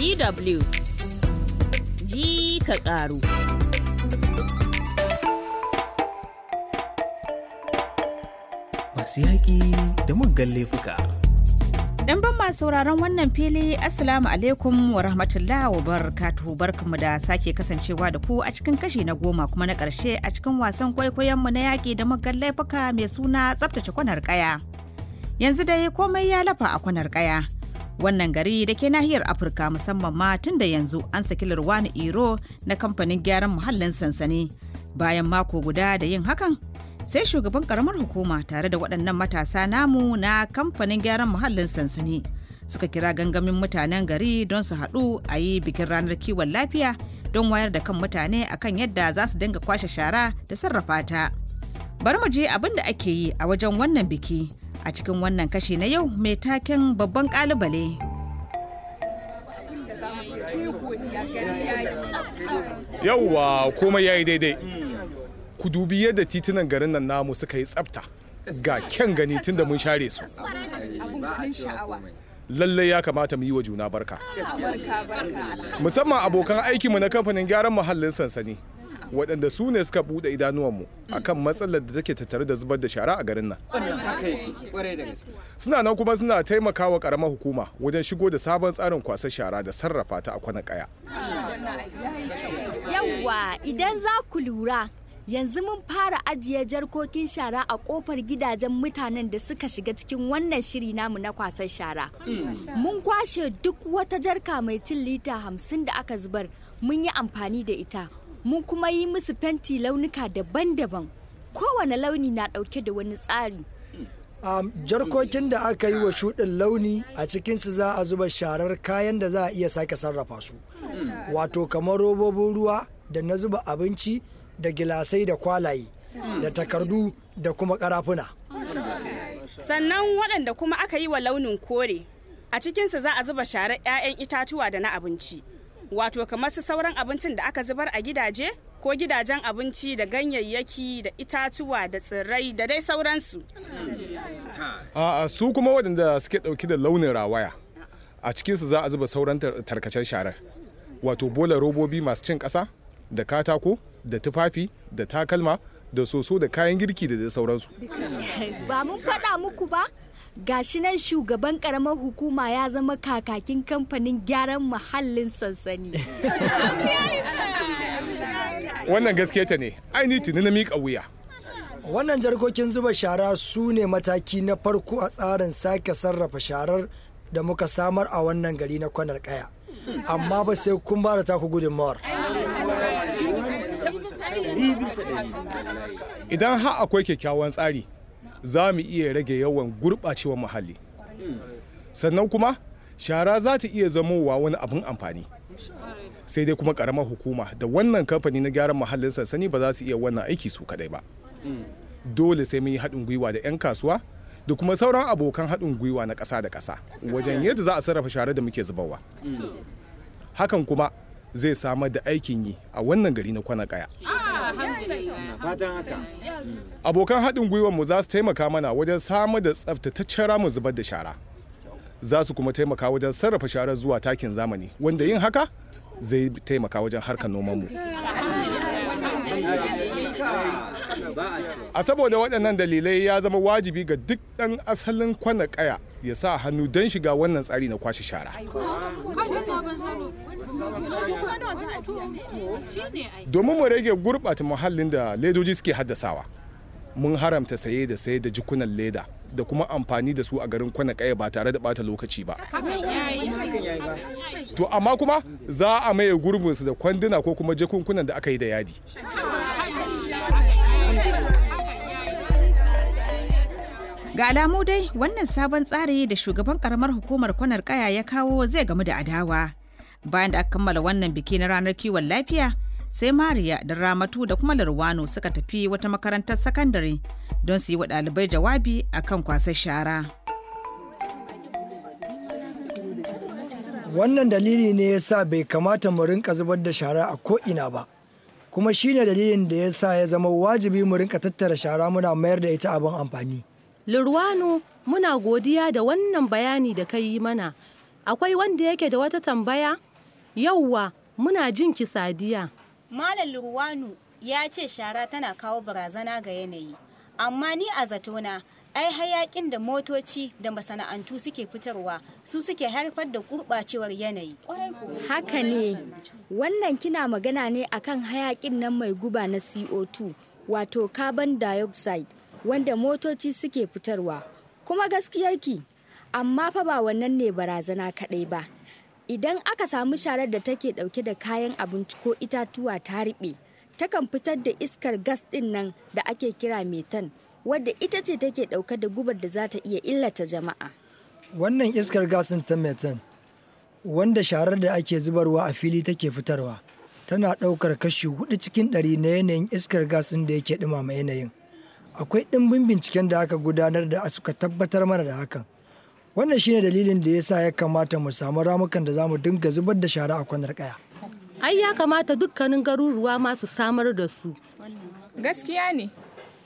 DW ji ka ƙaru. Masu yaƙi da muggan laifuka. Ɗan ban masu sauraron wannan fili Assalamu alaikum wa rahmatullah wa barakatuhu barkanmu da sake kasancewa da ku a cikin kashi na goma kuma na ƙarshe a cikin wasan kwaikwayonmu na yaƙi da muggan laifuka mai suna tsaftace kwanar ƙaya. Yanzu dai komai ya lafa a kwanar ƙaya. wannan gari da ke nahiyar afirka musamman ma tun da yanzu an saki lurwani iro na kamfanin gyaran muhallin sansani bayan mako guda da yin hakan sai shugaban karamar hukuma tare da waɗannan matasa namu na kamfanin gyaran muhallin sansani suka kira gangamin mutanen gari don su haɗu a yi bikin ranar kiwon lafiya don wayar da kan mutane akan yadda za su dinga kwashe shara da sarrafa ta bari mu je abin da ake yi a wajen wannan biki a cikin wannan kashi na yau mai taken babban kalubale. Yauwa komai ya yi daidai. Ku dubi yadda titunan garin nan namu suka yi tsafta ga kyan gani tun da mun share su. Lallai ya kamata mu yi wa juna barka. Musamman abokan aikinmu na kamfanin gyaran muhallin sansani. waɗanda su ne suka buɗe idanuwanmu mm. akan matsalar da take tattare da zubar da shara a garin nan suna nan kuma suna taimakawa karamar hukuma wajen shigo da sabon tsarin kwasa shara da sarrafa ta a kwana kaya yawwa idan za ku lura yanzu mun fara ajiye jarkokin shara a kofar gidajen mutanen da suka shiga cikin wannan shiri namu na kwasar shara mm. mun kwashe duk wata jarka mai cin lita hamsin da aka zubar mun yi amfani da ita mun kuma yi musu fenti launuka daban-daban kowane launi na dauke da wani tsari um, jarkokin da aka yi wa shuɗin launi a cikinsu za a zuba sharar kayan da za a iya sake sarrafa su wato kamar robobin ruwa da na zuba abinci da gilasai da kwalaye da takardu da kuma karafuna sannan waɗanda kuma aka yi wa launin kore a cikinsu za a zuba sharar 'ya'yan itatuwa da na abinci wato kamar su sauran abincin da aka zubar a gidaje ko gidajen abinci da ganyayyaki da itatuwa da tsirrai da dai sauransu a su kuma waɗanda suke ɗauki da launin rawaya a cikinsu za a zuba sauran tarkacen sharar wato bola robobi masu cin ƙasa da katako da tufafi da takalma da soso da kayan girki da sauransu ba mun faɗa muku ba gashi nan shugaban karamar hukuma ya zama kakakin kamfanin gyaran muhallin sansani wannan gaske ta ne aini na miƙa wuya wannan jarkokin zuba shara su ne mataki na farko a tsarin sake sarrafa sharar da muka samar a wannan gari na kwanar kaya amma ba sai kun ba da taku gudunmawar idan ha akwai kyakkyawan tsari za mu iya rage yawan gurɓacewar muhalli sannan kuma shara za ta iya zamowa wani abin amfani sai dai kuma ƙaramar hukuma da wannan kamfani na gyaran muhallin sansani ba za su iya wannan aiki su kadai ba dole sai mun yi haɗin gwiwa da 'yan kasuwa da kuma sauran abokan haɗin gwiwa na ƙasa da ƙasa wajen yadda za a sarrafa shara da muke zubawa hakan kuma zai samar da aikin yi a wannan gari na kwana kaya. Abokan haɗin gwiwar mu za su taimaka mana wajen samar da tsaftataccen ramu zubar da shara. Za su kuma taimaka wajen sarrafa shara zuwa takin zamani wanda yin haka zai taimaka wajen harkar noman mu. A saboda waɗannan dalilai ya zama wajibi ga duk ɗan asalin kwana ƙaya ya sa hannu don shiga wannan tsari na kwashe shara. domin mu rage gurɓata muhallin da ledoji suke haddasawa mun haramta saye da saye da jikunan leda da kuma amfani da su a garin kwana kaya ba tare da bata lokaci ba to amma kuma za a maye gurbinsu da kwanduna ko kuma jakunkunan da aka yi da yadi ga alamu dai wannan sabon tsari da shugaban karamar hukumar kwanar kaya ya kawo zai gamu da adawa bayan da aka kammala wannan biki na ranar kiwon lafiya sai mariya da ramatu da kuma larwano suka tafi wata makarantar sakandare don su yi wa ɗalibai jawabi akan kwasar shara wannan dalili ne ya sa bai kamata mu rinka zubar da shara a ko'ina ba kuma shine dalilin da ya sa ya zama wajibi mu rinka tattara shara muna mayar da ita abin amfani lurwano muna godiya da wannan bayani da ka yi mana akwai wanda yake da wata tambaya Yauwa, muna jin ki Sadiya. Malam Ruwanu ya ce shara tana kawo barazana ga yanayi, amma ni a zatona ai hayakin da motoci da masana'antu suke fitarwa su suke haifar da gurɓacewar yanayi. Haka ne, wannan kina magana ne akan hayakin nan mai guba na CO2, wato carbon dioxide, wanda motoci suke fitarwa. Kuma gaskiyarki, amma fa ba wannan ne barazana kaɗai ba. Idan aka samu sharar da take ɗauke da kayan abinci ko itatuwa ta riɓe, takan fitar da iskar gas ɗin nan da ake kira metan, wadda ita ce take ɗauka da gubar da za ta iya illata jama'a. Wannan iskar gas ɗin ta metan, wanda sharar da ake zubarwa a fili take fitarwa, tana ɗaukar kashi hudu cikin ɗari na yanayin iskar gas ɗin da yake ɗumama yanayin. Akwai ɗimbin binciken da aka gudanar da suka tabbatar mana da hakan. wannan shine dalilin da ya sa ya kamata mu samu ramukan da za mu dinga zubar da shara a kwanar kaya ai ya kamata dukkanin garuruwa masu samar da su gaskiya ne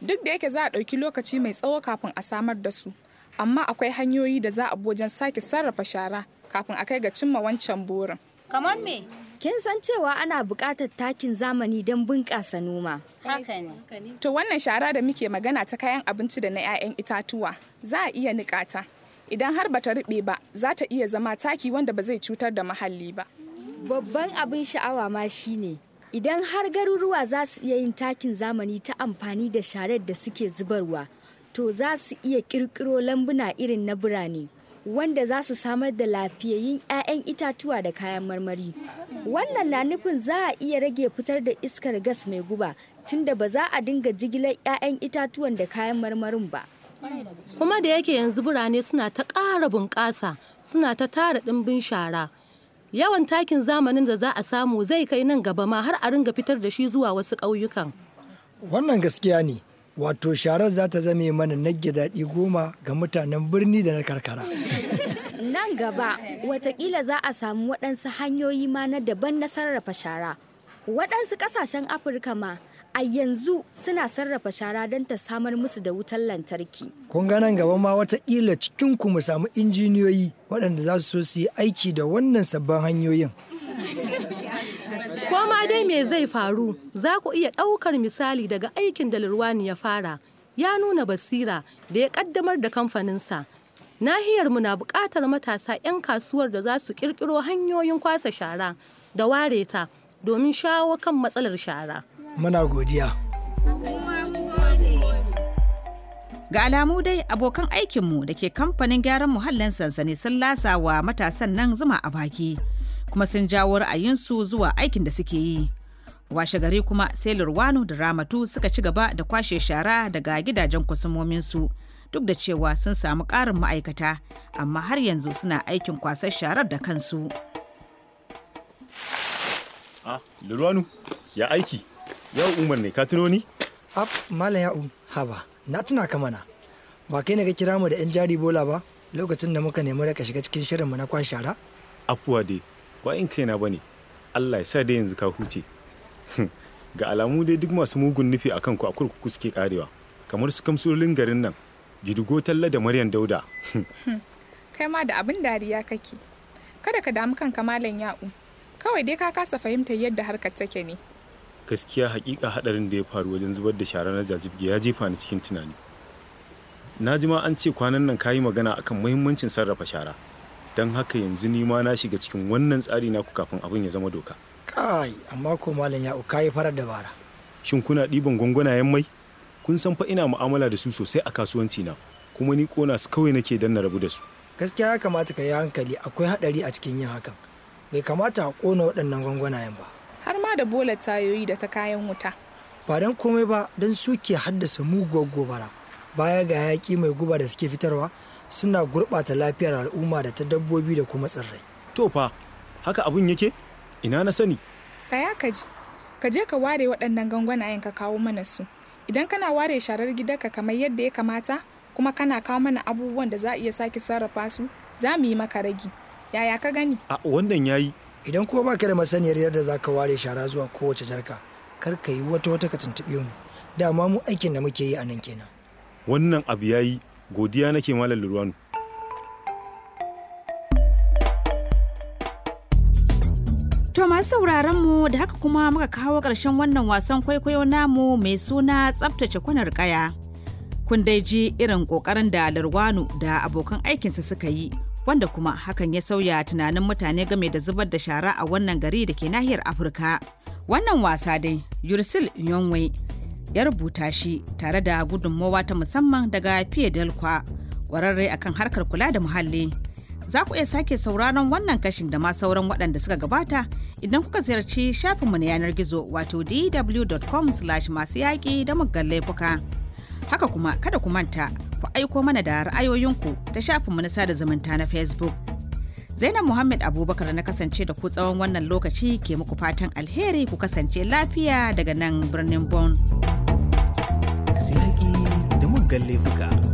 duk da yake za a ɗauki lokaci mai tsawo kafin a samar da su amma akwai hanyoyi da za a wajen sake sarrafa shara kafin a kai ga cimma wancan burin kamar me kin san cewa ana buƙatar takin zamani don bunƙasa noma to wannan shara da muke magana ta kayan abinci da na 'ya'yan itatuwa za a iya niƙata idan har bata ruɓe ba za ta iya zama taki wanda ba zai cutar da muhalli ba. Babban abin sha'awa ma shine idan har garuruwa za su iya yin takin zamani ta amfani da sharar da suke zubarwa to za su iya ƙirƙiro lambuna irin na birane wanda za su samar da lafiyayyun 'ya'yan itatuwa da kayan marmari. Wannan na nufin za a iya rage fitar da iskar gas mai guba tunda ba za a dinga jigilar 'ya'yan itatuwan da kayan marmarin ba. kuma da yake yanzu birane suna ta ƙara bunƙasa suna ta tara ɗimbin shara yawan takin zamanin da za a samu zai kai nan gaba ma har a ringa fitar da shi zuwa wasu ƙauyukan wannan gaskiya ne wato sharar za ta zame mana nage daɗi goma ga mutanen birni da na karkara nan gaba watakila za a samu waɗansu hanyoyi ma na daban na sarrafa shara waɗansu ƙasashen afirka ma a yanzu suna sarrafa shara don ta samar musu da wutar lantarki. Kun nan gaba ma watakila cikin ku mu samu injiniyoyi waɗanda za su so su yi aiki da wannan sabbin hanyoyin. Ko ma dai me zai faru za ku iya ɗaukar misali daga aikin da Lurwani ya fara ya nuna basira da ya ƙaddamar da kamfaninsa. mu na buƙatar matasa 'yan kasuwar da za su ƙirƙiro hanyoyin kwasa shara da ware ta domin shawo kan matsalar shara. muna godiya ga alamu dai abokan aikinmu da ke kamfanin gyaran muhallin sansani sun lasa wa matasan nan zuma a baki kuma sun jawo ra'ayinsu zuwa aikin da suke yi washe gari kuma sai lurwanu da ramatu suka ci gaba da kwashe shara daga gidajen kusumominsu duk da cewa sun samu ƙarin ma'aikata amma har yanzu suna aikin kwasar sharar da kansu. Ah, ya aiki. Yau Umar ne, ka tuno ni? Ab, Malam Ya'u, haba, na tuna ka mana. Ba kai ne ka kira mu da 'yan jari bola ba lokacin da muka nemi raka shiga cikin shirinmu na kwashara? Afuwa dai, ba in kaina ba ne. Allah ya sa dai yanzu ka huce. Ga alamu dai duk masu mugun nufi a kanku a kurkuku suke karewa, kamar su kamsulin garin nan, gidigo talla da Maryam Dauda. Kai ma da abin dariya kake. Kada ka damu kanka Malam Ya'u. Kawai dai ka kasa fahimtar yadda harkar take ne. gaskiya hakika hadarin da ya faru wajen zubar da shara na jajibge ya jefa ni cikin tunani na ji ma an ce kwanan nan kayi magana akan muhimmancin sarrafa shara don haka yanzu ni ma na shiga cikin wannan tsari naku kafin abin ya zama doka kai amma ko malam ya uka yi farar dabara shin kuna ɗiban gwangwanayen mai kun san fa ina mu'amala da su sosai a kasuwanci na kuma ni kona su kawai nake dan na rabu da su gaskiya ya kamata ka yi hankali akwai hadari a cikin yin hakan bai kamata a kona waɗannan gwangwanayen ba har ma da bola tayoyi da ta kayan wuta ba don komai ba don suke haddasa muguwar gobara baya ga yaƙi mai guba da suke fitarwa suna gurɓata lafiyar al'umma da ta dabbobi da kuma tsirrai to fa haka abun yake ina na sani tsaya ka ji ka je ka ware waɗannan gangwanayen ka kawo mana su idan kana ware sharar gidanka kamar yadda ya kamata kuma kana kawo mana abubuwan da za a iya sake sarrafa su za mu yi maka ragi yaya ka gani a wannan yayi idan kuma baka da masaniyar yadda za ka ware shara zuwa kowace jarka kar ka yi wata wata ka tuntuɓe mu dama mu aikin da muke yi a nan kenan wannan abu yayi godiya nake malam lurwanu To masu sauraron mu da haka kuma muka kawo ƙarshen wannan wasan kwaikwayo namu mai suna tsabtace kwanar kaya. Kun dai ji irin ƙoƙarin da Larwanu da abokan aikinsa suka yi wanda kuma hakan ya sauya tunanin mutane game da zubar da shara a wannan gari da ke nahiyar afirka wannan wasa dai yursil yonwe ya rubuta shi tare da gudunmowa ta musamman daga fiye dalkwa kwararre akan harkar kula da muhalli za ku iya sake sauraron wannan kashin da ma sauran waɗanda suka gabata idan kuka ziyarci shafinmu na yanar gizo wato dw.com slash masu yaƙi da muggan laifuka. Haka kuma kada ku manta ku aiko mana da ra'ayoyinku ta shafinmu na sada zumunta na Facebook. Zainab Muhammad Abubakar na kasance da ku tsawon wannan lokaci ke muku fatan alheri ku kasance lafiya daga nan birnin Bon. Sai da muggan laifuka.